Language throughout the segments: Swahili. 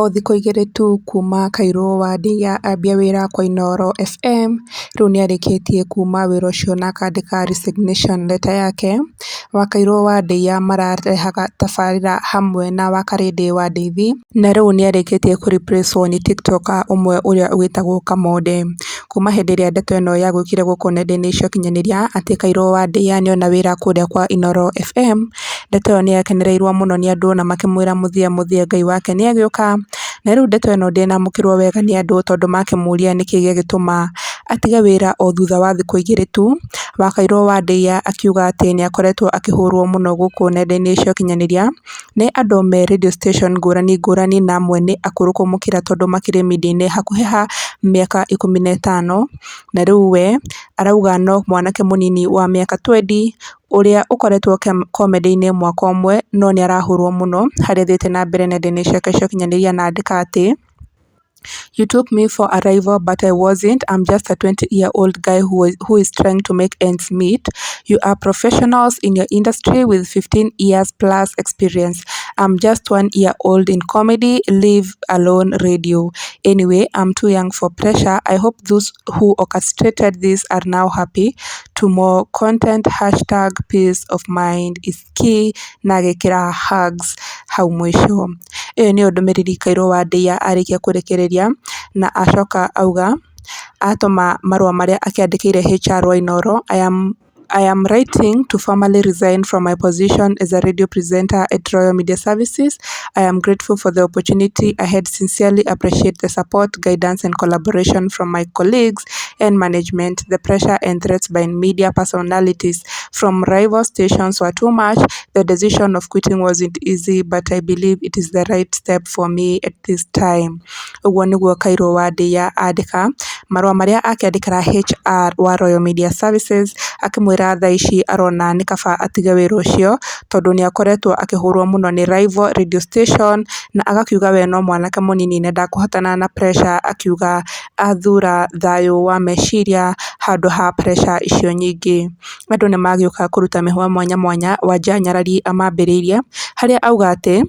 o thikũ igĩrĩ tu wa Kairũ Wandia ambia wĩra kwa Inooro FM rĩu nĩarĩkĩtie kuma wĩra ũcio na akandĩka resignation letter yake, Wakairũ Wandia mararehaga tabarĩra hamwe na Wakarĩndĩ wa Ndeithi na rĩu nĩarĩkĩtie kũ replace wo nĩ tiktoker ũmwe ũrĩa wĩtagwo Kamode. Kuuma hĩndĩ ĩrĩa ndeto ĩno yagũĩkire gũkũ nenda-inĩ cia ũkinyanĩria atĩ Kairũ Wandia nĩona wĩra kũrĩa kwa Inooro FM Ndeto ĩyo nĩ yakenereirwo mũno nĩ andũ na makĩmwĩra mũthia mũthia Ngai wake nĩ agĩũka, na rĩu ndeto ĩno ndĩnamũkĩrwo wega nĩ andũ tondũ makĩmũũria nĩkĩ gĩagĩtũma atige wĩra o thutha wa thikũ igĩrĩ tu, Wakairwo Wandeia akiuga atĩ akoretwo akĩhũrwo mũno gũkũ nenda-inĩ cia ũkinyanĩria nĩ andũ me radio station ngũrani ngũrani na amwe nĩ akũrũ kũmũkĩra tondũ makĩrĩ mĩdia-inĩ hakuhĩ ha mĩaka ikũmi na ĩtano, na rĩu we arauga no mwanake mũnini wa mĩaka twendi ũrĩa ũkoretwo comedy inĩ mwaka ũmwe no nĩarahũrwo mũno harĩa athiĩte na mbere nenda-inĩ ciake cia ũkinyanĩria na andĩka atĩ You took me for a rival, but I wasn't. I'm just a 20-year-old guy who is, who is trying to make ends meet. You are professionals in your industry with 15 years plus experience. I'm just one year old in comedy. Leave alone radio. Anyway, I'm too young for pressure. I hope those who orchestrated this are now happy. To more content, hashtag peace of mind is key. Nagekira hugs. Hau mwisho. Ĩyo nĩyo ndũmĩrĩri Kairũ Wandeia arĩkia kũrekereria na acoka auga atũma marũa marĩa akĩandĩkĩire HR Wainoro I am writing to formally resign from my position as a radio presenter at Royal Media Services. I am grateful for the opportunity ahead. sincerely appreciate the support, guidance and collaboration from my colleagues and management, the pressure and threats by media personalities from rival stations were too much. The decision of quitting wasn't easy, but I believe it is the right step for me at this time. Uguo niguo Cairo Wade ya andĩka marũa marĩa akĩandĩka HR wa Royal Media Services akĩmwĩra thaa ici arona nĩ kaba atige wĩra ũcio tondũ nĩakoretwo akĩhũrwo mũno nĩ rival radio station na agakiuga we no mwanake mũnini na ndakũhotana na pressure akiuga athura thayũ wa meciria handũ ha pressure icio nyingĩ. Andũ nĩmagĩũka kũruta mĩhũa mwanya mwanya Wanja Nyarari amambĩrĩirie harĩa auga atĩ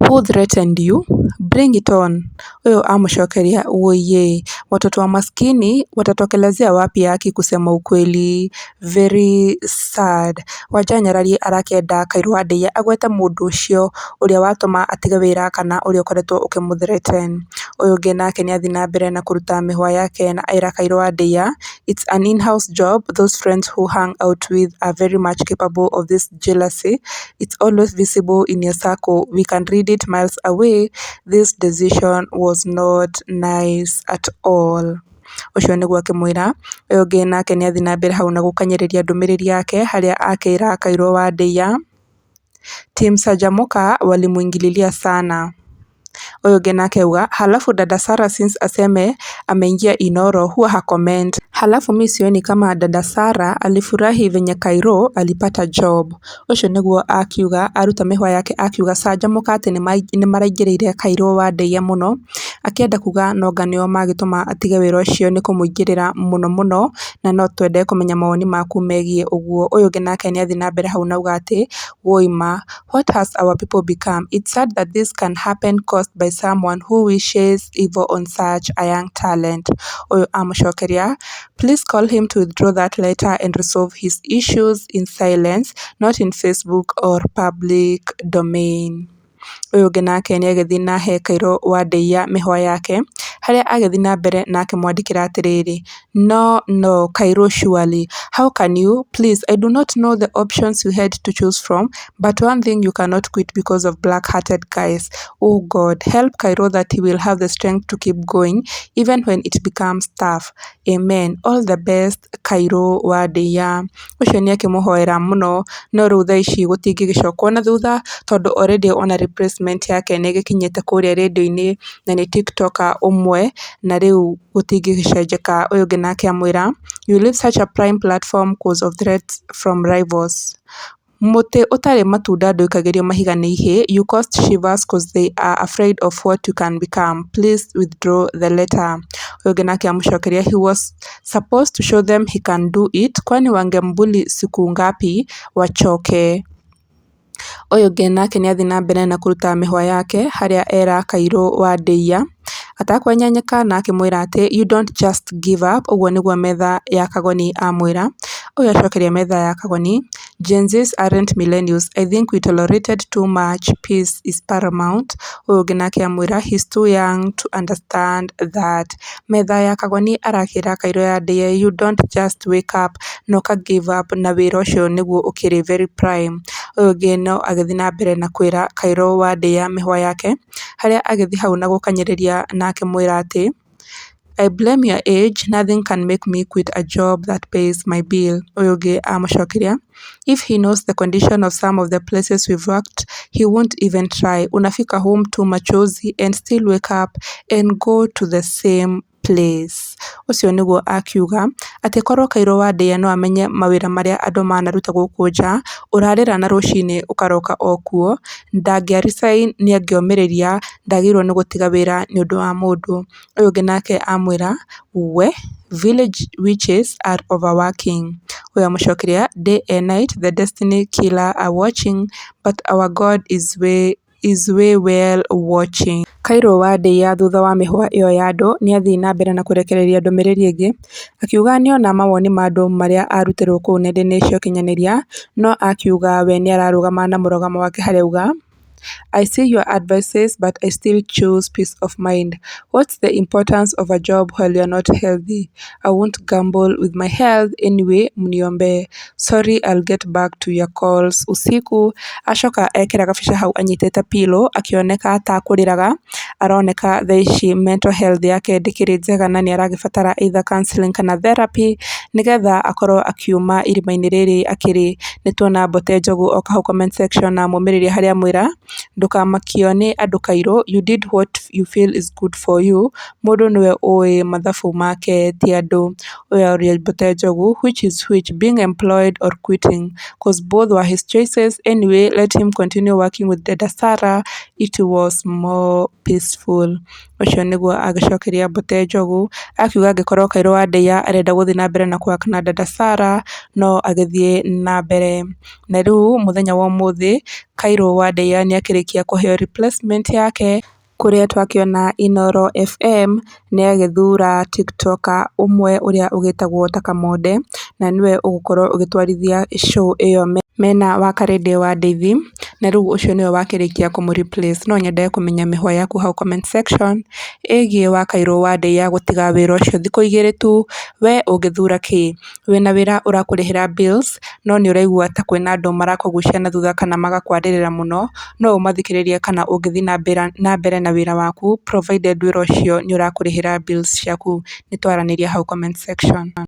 who threatened you? Bring it on ũyũ amũcokeria wũiye watoto wa maskini watatokelezea wapi haki kusema ukweli very sad wanjanyarari arakenda kairwa ndeiya agwete mundu ucio uria watuma atige wira kana uria ukoretwo ukimuthreten uyu ungi nake niathii na mbere na kuruta mihwa yake na aira kairwa ndeiya it's an in-house job those friends who hang out with are very much capable of this jealousy it's always visible in your circle we can read it miles away this decision was not nice at all Paul. Ũcio nĩguo akĩmwĩra, ũyũ ũngĩ nake ni athiĩ na mbere hau na gũkanyĩrĩria ndũmĩrĩri yake haria akira akairwo wa ndĩya, "Timsajamũka walimũingililia sana" Ũyũ ũngĩ nake halafu dada Sara since aseme ameingia Inoro huwa hacomment. Halafu mi sioni kama dada Sara alifurahi venye Kairo alipata job. Ũcio nĩguo akiuga aruta mĩhwa yake akiuga canjamũka atĩ nĩmaraingĩrĩire Cairo Wandeia mũno akĩenda kuga nonga nĩo magĩtũma atige wĩra ũcio nĩ kũmũingĩrĩra muno muno na no twende kũmenya mawoni maku megiĩ ũguo. Ũyũ ũngĩ nake nĩathiĩ na mbere hau na auga atĩ "Woima, what has our people become? It's sad that this can happen cause endorsed by someone who wishes evil on such a young talent. Oyo amũcokeria, please call him to withdraw that letter and resolve his issues in silence, not in Facebook or public domain. Oyo ũngĩ nake nĩ agĩthiĩ na he Kairũ Wandeia mĩhwa yake harĩa agĩthiĩ na mbere na akĩmwandĩkĩra atĩrĩrĩ no no Kairũ surely How can you? Please, I do not know the options you had to choose from, but one thing you cannot quit because of black-hearted guys. Oh God, help Cairo that he will have the strength to keep going, even when it becomes tough. Amen. All the best, Cairo Wadeya. Deya. Ucio nĩ akĩmũhoera muno, no rĩu thaa ici gũtingĩgĩcokwo na thutha, tondũ already ona replacement yake nĩ ĩgĩkinyĩte kũrĩa redio-inĩ na nĩ tiktoker ũmwe, na rĩu gũtingĩgĩcenjeka. Ũyũ ũngĩ nake amwĩra You leave such a prime platform cause of threats from rivals Mũtĩ ũtarĩ matunda ndũikagĩrio mahiga ni ihĩĩ You cost shivers cause they are afraid of what you can become please withdraw the letter Ũyũ ũngĩ nake amũcokeria He was supposed to show them he can do it kwani wange mbuli siku ngapi wachoke Ũyũ ũngĩ nake nĩ athiĩ na mbere na kũruta mĩhwa yake haria era Kairũ wa Ndĩiya Atakwenyenyeka na akimwira ati you don't just give up ũguo nĩguo metha ya Kagoni amwira Ũyũ acokeria metha ya Kagoni Gen Zs aren't millennials I think we tolerated too much peace is paramount ũyũ ũngĩ nake amwĩra he's too young to understand that metha ya Kagoni arakira kairo ya ndĩye you don't just wake up na ũka give up na wĩra ũcio nĩguo ũkĩrĩ very prime Ũyũ ũngĩ no agĩthiĩ na mbere na kwĩra Kairũ wa ndĩa mĩhwa yake, harĩa agĩthiĩ hau na gũkanyanĩria na akĩmwĩra atĩ, "I blame your age, nothing can make me quit a job that pays my bill" ũyũ ũngĩ amũcokeria, "If he knows the condition of some of the places we've worked, he won't even try, unafika home tu machozi and still wake up and go to the same Place. Ũcio nĩguo akiuga atĩ korwo Kairũ Wandeya no amenye mawĩra marĩa andũ manaruta gũkũ nja ũrarĩra na rũcinĩ ũkaroka o kuo, ndangĩa resign nĩangĩomĩrĩria ndagĩrĩirwo nĩ gũtiga wĩra nĩũndũ wa mũndũ. Ũyũ ũngĩ nake amwĩra we village witches are overworking. Ũyũ amũcokeria day and night the destiny killer are watching but our God is way way well Watching. Kairũ Wandeia thutha wa mĩhũa iyo ya andũ nĩathiĩ na mbere na kũrekereria ndũmĩrĩri ĩngĩ akiuga ona mawoni ma andũ marĩa arutirwo kũu nenda-inĩ cia ũkinyanĩria no akiuga we nĩararũgama na mũrũgamo wake harĩa auga I see your advices, but I still choose peace of mind. What's the importance of a job while you're not healthy? I won't gamble with my health anyway, mniombe Sorry, I'll get back to your calls. Usiku, acoka ekĩraga bica hau anyitĩte pilo akioneka ta kũrĩraga aroneka thaici mental health yake ndĩkĩrĩ njega na nĩ aragĩbatara either counseling kana therapy nĩgetha akorwo akiuma irima-inĩ rĩrĩ akĩrĩ. Nĩ tuona Mbote Njogu oka hau comment section na amũmĩrĩria harĩa amwĩra ndũkamakio nĩ andũ kairũ you did what you feel is good for you mũndũ nĩwe ũĩ mathabu make ti andũ. We are Mbote Njogu which is which being employed or quitting cause both were his choices anyway let him continue working with Dada Sarah it was more Peaceful ũcio nĩguo agĩcokeria Mbũte Njogu akiuga angĩkorwo Kairu Wandeia arenda gũthiĩ na mbere na kũhaka na Dada Sara no agĩthiĩ na mbere. Na rĩu muthenya wa ũmũthĩ Kairu Wandeia nĩakĩrĩkia kũheo replacement yake kũrĩa twakĩona inoro FM nĩyagĩthura tiktoker ũmwe ũrĩa ũgĩtagwo ta Kamonde na nĩwe ũgũkorwo ũgĩtwarithia show ĩyo mena wa Karede wa Ndeithi, na rĩu ũcio nĩwe wakĩrĩkia kũmũ replace. No nyende kũmenya mĩhwa yaku hau comment section ĩgiĩ wa Kairũ wa Ndeithi ya gũtiga wĩra ũcio thikũ igĩrĩ tu, we ũngĩthura kĩ? Wĩna wĩra ũrakũrĩhĩra bills no nĩũraigua ta kwĩna andũ marakũgucia na thutha kana magakwarĩrĩra mũno, no ũmathikĩrĩrie kana ũngĩthiĩ na mbere na wĩra waku provided wĩra ũcio nĩũrakũrĩhĩra bills ciaku. Nĩtwaranĩrie hau comment section.